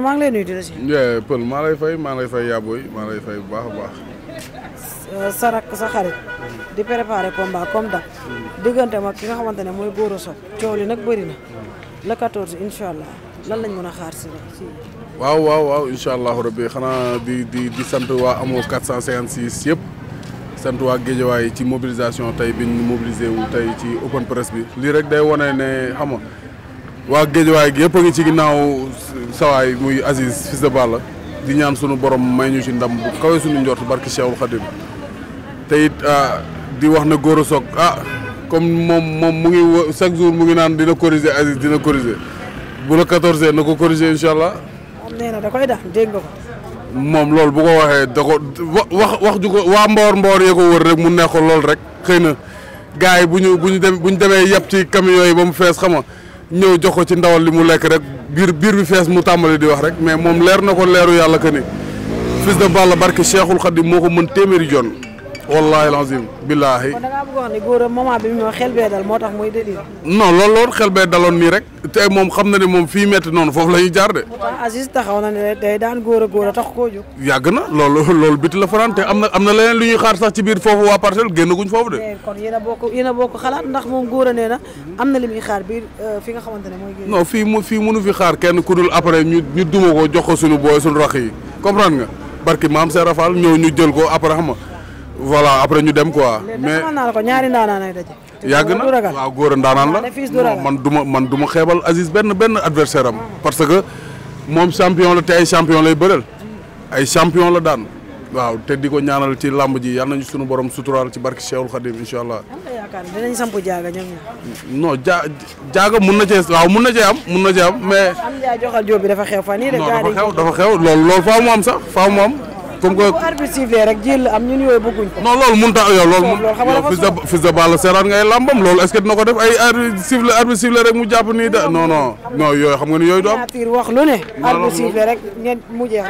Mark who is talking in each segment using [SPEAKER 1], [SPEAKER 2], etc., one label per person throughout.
[SPEAKER 1] maa ngi lay nuyu di la si. Pël maa lay fay maa lay fay yabooy maa lay fay bu baax a baax.
[SPEAKER 2] Euh, sa rakk sa di préparer combat comme da diggante mag ki nga xamante ne mooy Gora Sock coow li nag bëri na. le 14 incha allah lan lañ mën a xaar si
[SPEAKER 1] waaw waaw waaw incha allahu rabbi xanaa di di di sant waa amoo 456 yëpp sant waa Géejawaay ci mobilisation tey biñ mobilisé wu tey ci open press bi lii rek day wane ne amoon waa géejawaay gi yëpp a ngi ci ginnaaw sawaay muy Aziz fils de la di ñaan sunu borom may ñu ci ndam bu kawe sunu njort barki Cheikhul Khadim te it ah, di wax na Gora Sock ah comme moom moom mu ngi chaque jour mu ngi naan dina corriger Aziz dina corriger bu la 14 na ko corriger incha allah.
[SPEAKER 2] na da koy def dégg
[SPEAKER 1] moom loolu bu ko waxee da ko wax wax ju ko waa mboor mboor yee ko wër rek mu neexoon lool rek xëy na gars yi bu ñu bu ñu demee bu demee yàpp ci camion yi ba mu fees xam ñëw jox ko ci ndawal li mu lekk rek biir biir bi fees mu tàmbali di wax rek mais moom leer na ko leeru yàlla que ni fils de Balla barke Cheikhul Khadim moo ko mën téeméeri jon wallaahi lazim billaahi. kon
[SPEAKER 2] da ngaa bëgg wax ne góoram bi mu xel bee dal moo tax muy délire.
[SPEAKER 1] non loolu loolu xel bee daloon nii rek te moom xam na ne moom fii metti noonu foofu la ñuy jaar de.
[SPEAKER 2] taxaw na ne day daan góor a góor a tax koo jóg.
[SPEAKER 1] yàgg na lool loolu biti la faraan te am na am leneen lu ñuy xaar sax ci biir foofu waa parcelle génnaguñ foofu de. Eh,
[SPEAKER 2] kon yéen a bokk yéen a bokk xalaat ndax moom góor nee na am na li muy xaar biir euh, fi nga xamante ne mooy.
[SPEAKER 1] non fii mu fii mënu fi xaar kenn ku dul ñu ñu duma ko jox ko suñu booy suñu rax yi comprendre nga barki maam Serafal ñëw ñu jël ko après voilà après ñu dem quoi. mais
[SPEAKER 2] xamal ñaari ndaanaan lay daje.
[SPEAKER 1] yàgg na waaw góor a ndaanaan la ah, man du ma man du ma xeebal Aziz benn benn adversaire am. Ah. parce que moom champion la te ay champion lay bëreel. ay champion la daan. waaw te di ko ñaanal ci làmb ji yal nañu suñu borom suturaal ci barki Cheikhul Khadim incha allah.
[SPEAKER 2] yaakaar dinañ samp jaaga ñoom
[SPEAKER 1] mun na cee waaw mun na cee am mun na am mais.
[SPEAKER 2] am bi dafa xew fan yii de. dafa
[SPEAKER 1] xew dafa xew loolu
[SPEAKER 2] am sax faaw mu am. comme que bu arbitre sifflé rek jël am ñun yooyu bëgguñ ko. loolu mënut a yow loolu. loolu ta nga fils de
[SPEAKER 1] fils de Balla seeraat ngay lambam loolu est-ce que dina ko def ay arbitre sifflé rek mu jàpp nii da non yooyu xam nga ni yooyu. du am
[SPEAKER 2] nature wax lu ne. arbitre sifflé rek ngeen mu jeex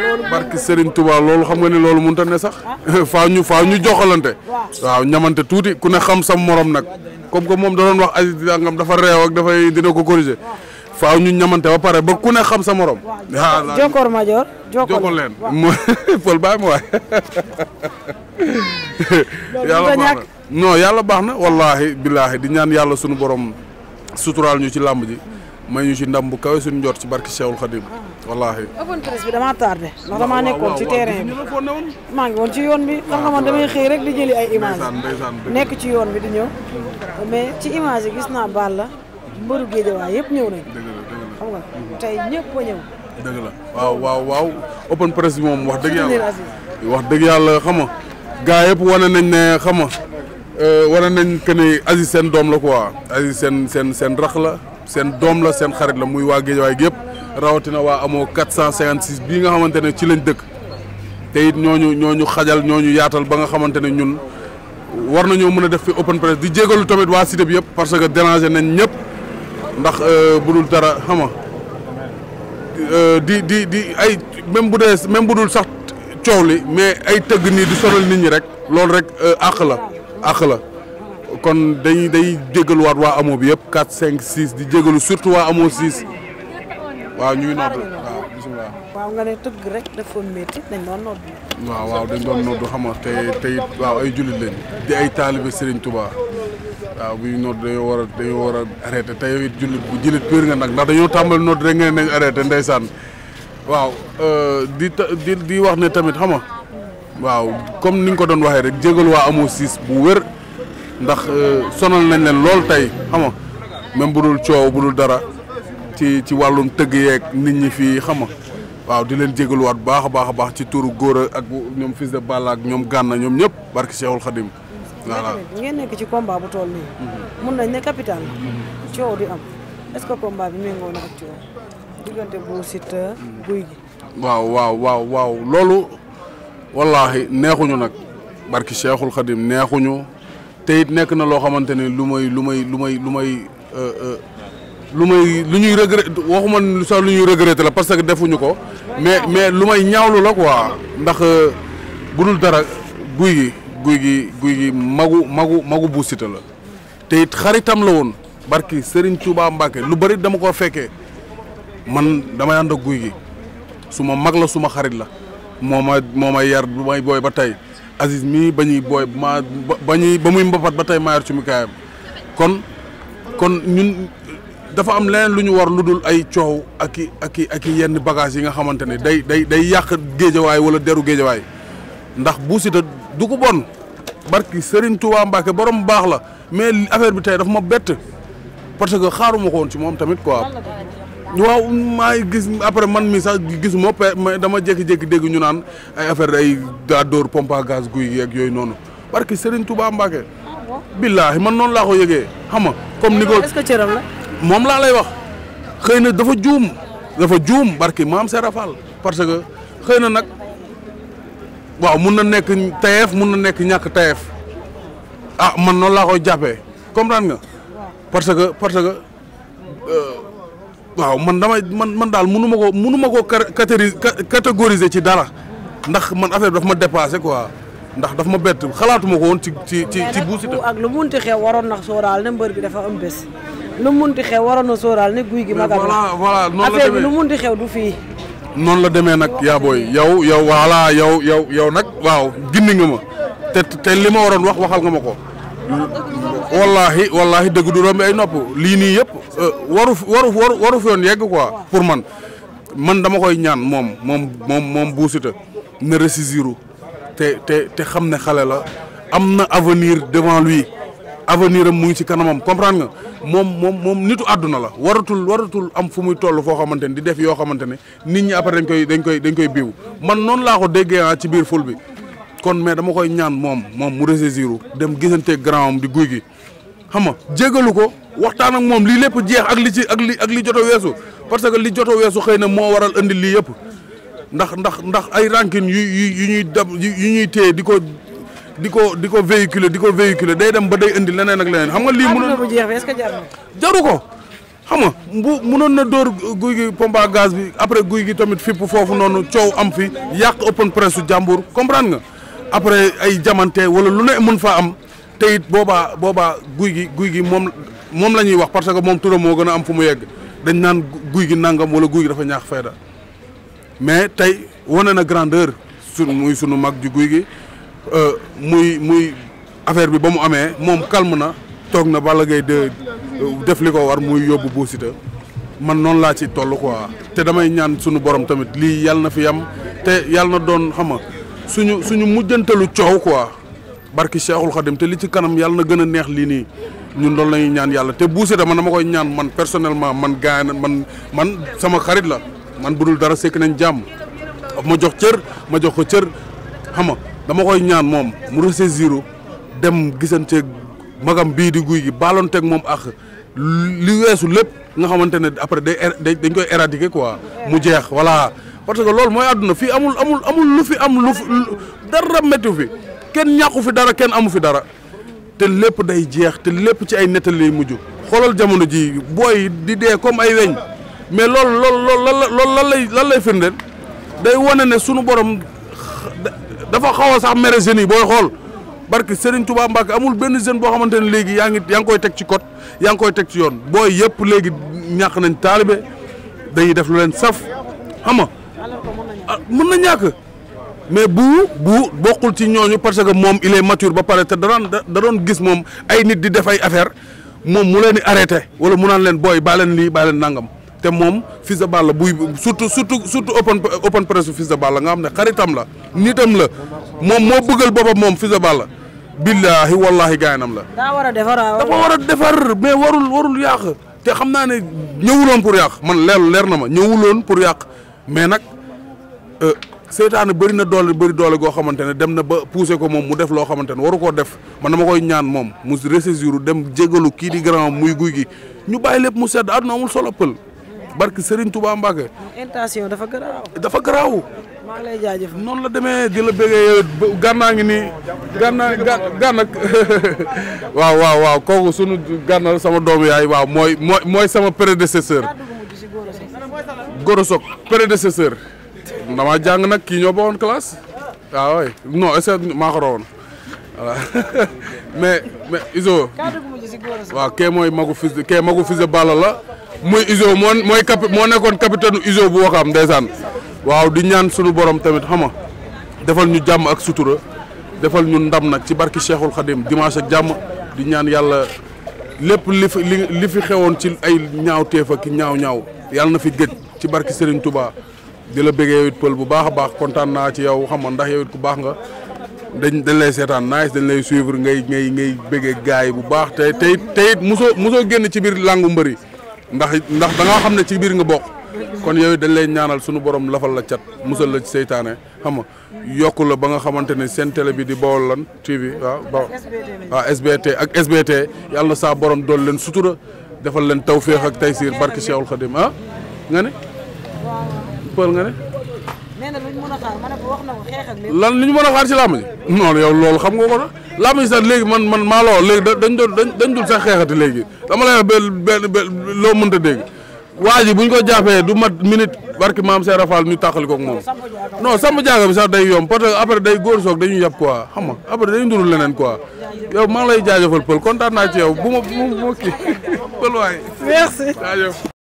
[SPEAKER 1] loolu. xam nga ni loolu mun ta ne sax. Ah. faaw ñu faaw ñu joxalante. waaw ñamante tuuti ku ne xam sam moroom nag comme que moom da doon wax ay dangam dafa réew ak dafay dina ko corriger faaw ñu ñamante ba pare ba ku ne xam sa morom. waaw ah, jokkoor
[SPEAKER 2] ma joor jokkoor leen mooy
[SPEAKER 1] Paul bàyyi ma waay. yàlla baax na non yàlla baax di ñaan yàlla sunu borom suturaal ñu ci làmb ji. may ñu ci ndam bu kawe suñu njort ci barki Cheikhul Khadim. wallaahi.
[SPEAKER 2] open press bi damaa tardé. ndax damaa nekkoon ci terrain bi maa ngi woon ci yoon bi. xam nga man damay xëy rek di jëli ay images. nekk ci yoon bi di ñëw.
[SPEAKER 1] Mm.
[SPEAKER 2] mais ci image gis naa Balla mbëru géejawaay yëpp ñëw nañ
[SPEAKER 1] dëgg la dëgg la xam
[SPEAKER 2] tey ñëpp a ñëw
[SPEAKER 1] dëgg la waaw waaw waaw open press bi moom wax dëgg yàlla wax dëgg yàlla xam nga gaa yëpp wane nañ ne xam nga euh, wane nañ que ne Aziz seen doom la quoi Aziz seen seen seen rax la seen doom la seen xarit la muy waa géejawaay gi yëpp rawatina waa amoo 456 bii nga xamante ne ci lañ dëkk te it ñooñu ñooñu xajal ñooñu yaatal ba nga xamante ne ñun war nañoo mën a def fi open press di jégalu tamit waa cité bi yëpp parce que déranger nañ ñëpp ndax euh, bu dul dara xam nga euh, di di di ay même bu dee même bu dul sax coow li mais ay tëgg nii di sonal nit ñi rek loolu rek euh, àq la àq la kon dañ day jégaluwaat waa amoo bi yëpp 4 5 6 di jégalu surtout waa amoo 6 waaw ñuy nodd
[SPEAKER 2] waaw nga ne tëgg rek dafa métti dañ doon nodd
[SPEAKER 1] waaw waaw dañ te te waaw ay jullit lañ di ay taalibe Serigne Touba waaw bu ñu nodd dañoo war a dañoo war jullit bu jullit pire nga nag ndax dañoo tàmbali nodd rek ngeen nañ arrêté ndeysaan waaw euh, di wax ne tamit xam waaw comme ni nga ko doon waxee rek jégal waa amoo siis bu wér ndax euh, sonal nañ leen lool tey xam nga même bu dul coow bu dul dara ci ci wàllum tëgg yeeg nit ñi fii xam waaw di leen jégaluwaat bu baax a baax a baax ci tuuru góor ak ñoom fils de Balla ak ñoom gànna ñoom ñëpp barki Cheikhul Khadim. voilà
[SPEAKER 2] ngeen nekk ci combat mhm. mhm. que combat bi
[SPEAKER 1] waaw waaw waaw loolu wallaahi neexuñu nag barki Cheikhul Khadim neexuñu te nekk na loo xamante ni lu may lu may lu may lu may. Euh, euh, lu may lu ñuy regret waxuma sax lu ñuy regretter la parce que defuñu ko mais mais lu may ñaawlu la ko waa ndax euh, bu dul dara guy gi guy gi guy magu magu magu Bou Siteu la te xaritam la woon barki Serigne Touba Mbacke lu bari dama ko fekkee man damay ànd ak guy gi su ma mag la suma xarit la moo ma moo may yar bu may booy ba tey Aziz mii ba ñuy booy ma ba ñuy ba muy mbapat ba tey ma yar ci kaayam kon kon ñun dafa am leneen lu ñu war lu dul ay coow ak i ak ak i yenn bagages yi nga xamante ne day day day yàq géejawaay wala deru géejawaay ndax Bou Siteu du ko bon barki Serigne Touba Mbacke borom baax la mais affaire bi tey dafa ma bett parce que xaaruma ko ci moom tamit quoi. waaw maa ngi gis après man mi sax gisuma mais dama jékki-jékki dégg ñu naan ay affaire ay daa guy yeeg yooyu noonu barki Serigne Touba Mbacke. Ah billaahi man noonu laa ko yegee xam nga comme ni ko. est la. moom laa lay wax xëy na dafa juum dafa juum barki maam Serafal parce que xëy na nag waaw mun na nekk tayeef mun na nekk ñàkk tayeef ah man noonu laa koy jàppee comprendre nga. parce que parce que euh, waaw man damay man man daal mënu ma koo mënu ma koo catégoriser ci dara ndax man affaire bi daf ma dépassé quoi. ndax daf ma bett xalaatuma ko woon ci ci ci ci. buusita ak lu munti xew waroon nax soo daal ne mbër bi dafa am bés.
[SPEAKER 2] lu munti xew waroon na sóoraal ne guy gi. magal voilà voilà noonu la demee affaire bi lu munti xew du fii.
[SPEAKER 1] noonu la demee nag yaa booy yow yow voilà yow yow yow nag waaw gindi nga ma te te li ma waroon wax waxal nga ma ko. wallahi wallahi dëgg du romb ay nopp lii nii yëpp euh, waru waru waru waru fi yoon yegg quoi pour man man dama koy ñaan moom moom moom moom Bou Siteu ne ressaisiru te te te xam ne xale la am na avenir devant lui. avenir am mu ngi ci kanamam comprendre nga moom moom moom nitu àdduna la waratul waratul am fu muy toll foo xamante ne di def yoo xamante ne nit ñi après dañ koy dañ koy dañ koy biiw man noonu laa ko déggee ah ci biir ful bi kon mais dama koy ñaan moom moom mu ressaisir dem gisante grand am di guy gi xam nga jégalu ko waxtaan ak moom lii lépp jeex ak li ci ak li ak li joto weesu parce que li joto weesu xëy na moo waral indi lii yëpp ndax ndax ndax ay rancune yu yu yu ñuy dab yu ñuy téye di ko di ko di ko véhiculer di ko véhiculer day dem ba day indi leneen ak leneen xam nga lii mënoon bu
[SPEAKER 2] jeex bi est-ce que jar na
[SPEAKER 1] jaru ko xam nga bu mënoon na dóor guy gi pompe à gaz bi après guy gi tamit fipp foofu noonu coow am fi yàq open presse jàmbur comprendre nga après ay jamante wala lu ne mun faa am te it boobaa boobaa guy gi guy gi moom moom la ñuy wax parce que moom turam moo gën a am fu mu yegg dañ naan guy gi nangam wala guy gi dafa ñaax fayda mais tey wane na grandeur su muy sunu mag guy gi Euh, muy muy affaire bi ba mu amee moom calme na toog na Balla gay de euh, def li ko war muy yóbbu Bou Siteu man noonu laa ci toll quoi te damay ñaan suñu borom tamit lii yàlla na fi yam te yàlla na doon xam nga suñu suñu mujjantalu coow quoi barki Cheikhul dem te li ci kanam yàlla na gën a neex lii nii ñun loolu la ñuy ñaan yàlla te Bou ma na dama koy ñaan man personnellement man gaay na man man sama xarit la man budul dara sekk nañ jàmm ma jox cër ma jox ko cër xam dama koy ñaan moom mu ressaisir dem gisanteeg magam bii di guy gi baalonteeg moom ak li weesu lépp nga xamante ne après er, day dañ koy éradiquer quoi. mu jeex voilà parce que loolu mooy àdduna fii amul amul amul lu fi am lu fi dara métti fi kenn ñàkku fi dara kenn amu fi dara te lépp day jeex te lépp ci ay nettali mujj xoolal jamono ji booy di dee comme ay weñ mais loolu loolu loolu lan lay lan lay firndeel day wane ne sunu borom. dafa xaw a sax mere jeunes yi booy xool barke Serigne Touba Mbacke amul benn jeune boo xamante ne léegi yaa ngi yaa ngi koy teg ci code yaa ngi koy teg ci yoon booy yëpp léegi ñàkk nañ taalibe dañuy def lu leen saf xam nga ah, mën na ñàkk mais bu bu bokkul ci ñooñu parce que moom il est mature ba pare te da doon gis moom ay nit di def ay affaire moom mu leen di arrêté wala mu naan leen booy baleen lii baa nangam. te moom Fils de Balla buy surtout surtout surtout open open presse Fils nga xam ne xaritam la nitam la moom moo bëggal boppam moom Fils de Balla billaahi wallaahi gaynam la.
[SPEAKER 2] war defar dafa war a
[SPEAKER 1] defar mais warul warul yàq te xam naa ne ñëwuloon pour yàq man leer leer na ma ñëwuloon pour yàq mais nag euh, seytaane bëri na doole bari doole goo xamante ne dem na ba poussé ko moom mu def loo xamante ne waru koo def na ma koy ñaan moom mu ressaisir dem jégalu kii di grand muy guy gi ñu bàyyi mu sedd àdduna amul solo pël. barke Serigne Touba Mbacke.
[SPEAKER 2] intention dafa garaaw.
[SPEAKER 1] dafa garaaw. maa noonu la demee di la bëggee gànnaa ngi nii gànnaa gànna waaw waaw waaw kooku sama doomu yaay waaw sama prédécesseur. Goro Sock prédécesseur. damaa jàng nag kii ñoo bokkoon classe. waaw ah, waay non est-ce que mais mais Izo. waaw kee mooy magu fils kee magu fils de Balla la. muy Izo moo mooy capi moo nekkoon capitaine Izo bu Wakaam ndeysaan waaw di ñaan sunu borom tamit xama defal ñu jàmm ak sutura defal ñu ndam nag ci barki Cheikhul Khadim dimanche ak jàmm di ñaan yàlla lépp li fi li fi xewoon ci ay ñaaw teef ak ñaaw-ñaaw yàlla na fi gëj ci barki Serigne tubaa di la bëggee yow it pël bu baax a baax kontaan naa ci yow xam ndax yow it ku baax nga. dañ dañ lay seetaan nice dañ lay suivre ngay ngay ngay bëggee gaay bu baax te tey tey it mosoo mosoo génn ci biir làngu mbëri ndax ndax da ngaa xam ne ci biir nga bokk kon yooyu dañ lay ñaanal suñu borom lafal la cat musal la ci seytaane xam nga la ba nga xamante ne seen télé bi di Baol lan TV waaw Baol SBT ak SBT yàlla na saa borom dool leen sutura defal leen tawféex ak taysiir barke Cheikhul Khadim ah nga ne pël nga ne lan li ñu mën a xaar ci làmb ji non yow loolu xam nga ko na làmb ji sax léegi man man maa loo léegi dañ doon dañ dul sax xeexati léegi dama lay wax benn benn loo mënta dégg waa ji bu ko jàppee du mat minute barki maam Seera Fall ñu tàqali ko moom non sama jaaga bi sax day yomb parce que après day góor soog dañuy yab quoi xam nga après day ndurul leneen quoi yow maa ngi lay jaajëfal pël kontaan naa ci yow bu ma bu ma kii pël waay